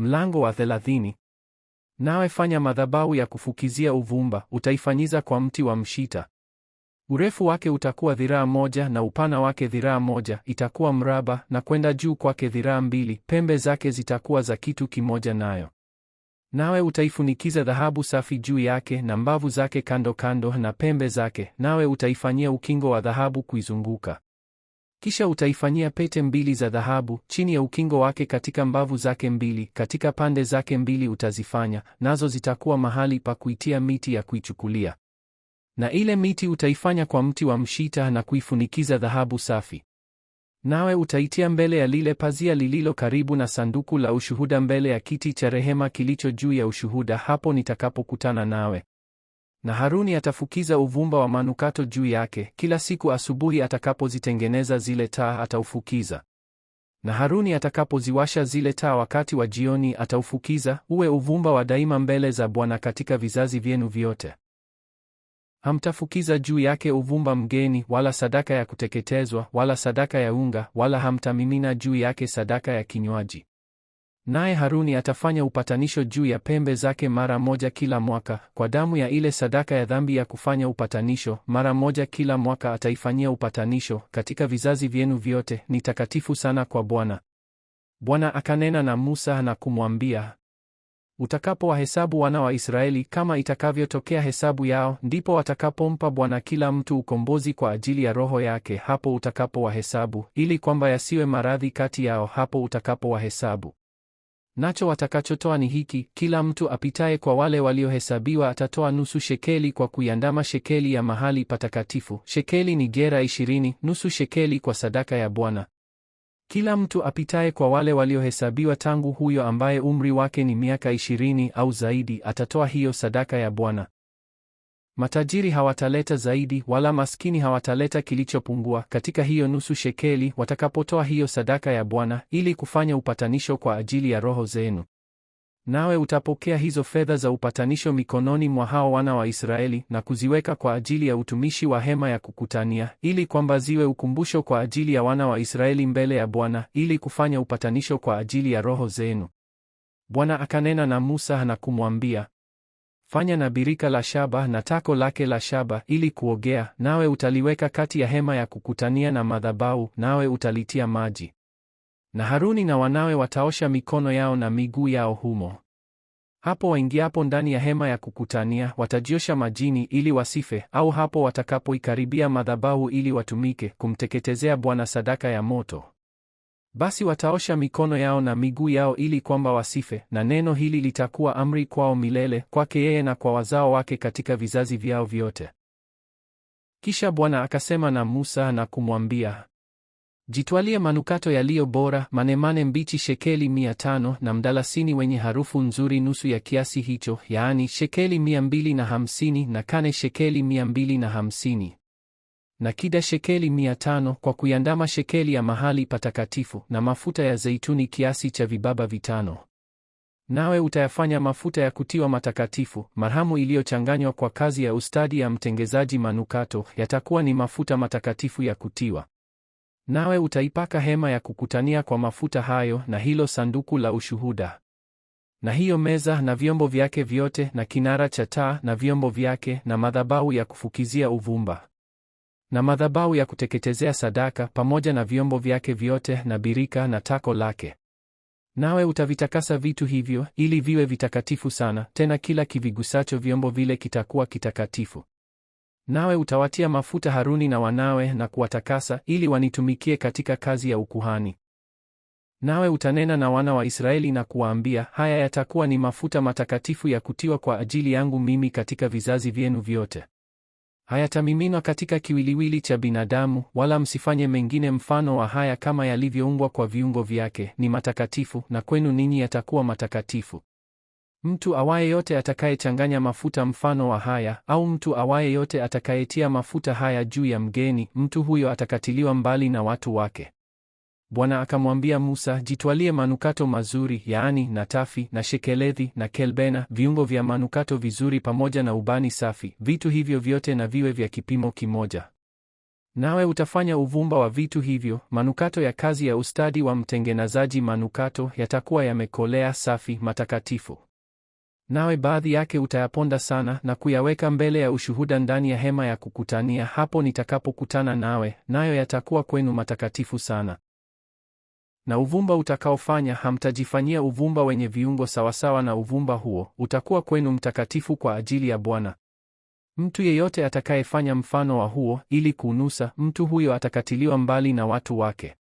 Mlango wa thelathini. Nawe fanya madhabahu ya kufukizia uvumba, utaifanyiza kwa mti wa mshita. Urefu wake utakuwa dhiraa moja na upana wake dhiraa moja, itakuwa mraba na kwenda juu kwake dhiraa mbili, pembe zake zitakuwa za kitu kimoja nayo. Nawe utaifunikiza dhahabu safi juu yake na mbavu zake kando kando na pembe zake, nawe utaifanyia ukingo wa dhahabu kuizunguka. Kisha utaifanyia pete mbili za dhahabu chini ya ukingo wake, katika mbavu zake mbili, katika pande zake mbili utazifanya, nazo zitakuwa mahali pa kuitia miti ya kuichukulia. Na ile miti utaifanya kwa mti wa mshita na kuifunikiza dhahabu safi. Nawe utaitia mbele ya lile pazia lililo karibu na sanduku la ushuhuda, mbele ya kiti cha rehema kilicho juu ya ushuhuda, hapo nitakapokutana nawe na Haruni atafukiza uvumba wa manukato juu yake. Kila siku asubuhi atakapozitengeneza zile taa ataufukiza, na Haruni atakapoziwasha zile taa wakati wa jioni ataufukiza, uwe uvumba wa daima mbele za Bwana katika vizazi vyenu vyote. Hamtafukiza juu yake uvumba mgeni, wala sadaka ya kuteketezwa, wala sadaka ya unga, wala hamtamimina juu yake sadaka ya kinywaji. Naye Haruni atafanya upatanisho juu ya pembe zake mara moja kila mwaka, kwa damu ya ile sadaka ya dhambi ya kufanya upatanisho; mara moja kila mwaka ataifanyia upatanisho, katika vizazi vyenu vyote; ni takatifu sana kwa Bwana. Bwana akanena na Musa na kumwambia, utakapowahesabu wana wa Israeli kama itakavyotokea hesabu yao, ndipo watakapompa Bwana kila mtu ukombozi kwa ajili ya roho yake hapo utakapowahesabu, ili kwamba yasiwe maradhi kati yao hapo utakapowahesabu. Nacho watakachotoa ni hiki: kila mtu apitaye kwa wale waliohesabiwa atatoa nusu shekeli kwa kuiandama shekeli ya mahali patakatifu. Shekeli ni gera ishirini, nusu shekeli kwa sadaka ya Bwana. Kila mtu apitaye kwa wale waliohesabiwa tangu huyo ambaye umri wake ni miaka ishirini au zaidi atatoa hiyo sadaka ya Bwana. Matajiri hawataleta zaidi, wala maskini hawataleta kilichopungua katika hiyo nusu shekeli watakapotoa hiyo sadaka ya Bwana, ili kufanya upatanisho kwa ajili ya roho zenu. Nawe utapokea hizo fedha za upatanisho mikononi mwa hao wana wa Israeli na kuziweka kwa ajili ya utumishi wa hema ya kukutania, ili kwamba ziwe ukumbusho kwa ajili ya wana wa Israeli mbele ya Bwana, ili kufanya upatanisho kwa ajili ya roho zenu. Bwana akanena na Musa na kumwambia, Fanya na birika la shaba na tako lake la shaba ili kuogea, nawe utaliweka kati ya hema ya kukutania na madhabahu, nawe utalitia maji. Na Haruni na wanawe wataosha mikono yao na miguu yao humo. Hapo waingiapo ndani ya hema ya kukutania watajiosha majini ili wasife, au hapo watakapoikaribia madhabahu ili watumike kumteketezea Bwana sadaka ya moto. Basi wataosha mikono yao na miguu yao ili kwamba wasife, na neno hili litakuwa amri kwao milele, kwake yeye na kwa wazao wake katika vizazi vyao vyote. Kisha Bwana akasema na Musa na kumwambia, jitwalie manukato yaliyo bora, manemane mbichi shekeli mia tano na mdalasini wenye harufu nzuri nusu ya kiasi hicho, yaani shekeli mia mbili na hamsini na kane shekeli mia mbili na hamsini na kida shekeli mia tano kwa kuiandama shekeli ya mahali patakatifu, na mafuta ya zeituni kiasi cha vibaba vitano. Nawe utayafanya mafuta ya kutiwa matakatifu, marhamu iliyochanganywa kwa kazi ya ustadi ya mtengezaji manukato, yatakuwa ni mafuta matakatifu ya kutiwa. Nawe utaipaka hema ya kukutania kwa mafuta hayo, na hilo sanduku la ushuhuda na hiyo meza na vyombo vyake vyote, na kinara cha taa na vyombo vyake, na madhabahu ya kufukizia uvumba na madhabahu ya kuteketezea sadaka pamoja na vyombo vyake vyote na birika na tako lake. Nawe utavitakasa vitu hivyo ili viwe vitakatifu sana, tena kila kivigusacho vyombo vile kitakuwa kitakatifu. Nawe utawatia mafuta Haruni na wanawe na kuwatakasa ili wanitumikie katika kazi ya ukuhani. Nawe utanena na wana wa Israeli na kuwaambia, haya yatakuwa ni mafuta matakatifu ya kutiwa kwa ajili yangu mimi katika vizazi vyenu vyote hayatamiminwa katika kiwiliwili cha binadamu, wala msifanye mengine mfano wa haya kama yalivyoumbwa kwa viungo vyake, ni matakatifu, na kwenu ninyi yatakuwa matakatifu. Mtu awaye yote atakayechanganya mafuta mfano wa haya, au mtu awaye yote atakayetia mafuta haya juu ya mgeni, mtu huyo atakatiliwa mbali na watu wake. Bwana akamwambia Musa, jitwalie manukato mazuri, yaani natafi na shekelethi na kelbena, viungo vya manukato vizuri, pamoja na ubani safi. Vitu hivyo vyote na viwe vya kipimo kimoja. Nawe utafanya uvumba wa vitu hivyo. Manukato ya kazi ya ustadi wa mtengenezaji manukato yatakuwa yamekolea, safi, matakatifu. Nawe baadhi yake utayaponda sana na kuyaweka mbele ya ushuhuda ndani ya hema ya kukutania, hapo nitakapokutana nawe, nayo yatakuwa kwenu matakatifu sana na uvumba utakaofanya hamtajifanyia uvumba wenye viungo sawasawa na uvumba huo, utakuwa kwenu mtakatifu kwa ajili ya Bwana. Mtu yeyote atakayefanya mfano wa huo ili kuunusa, mtu huyo atakatiliwa mbali na watu wake.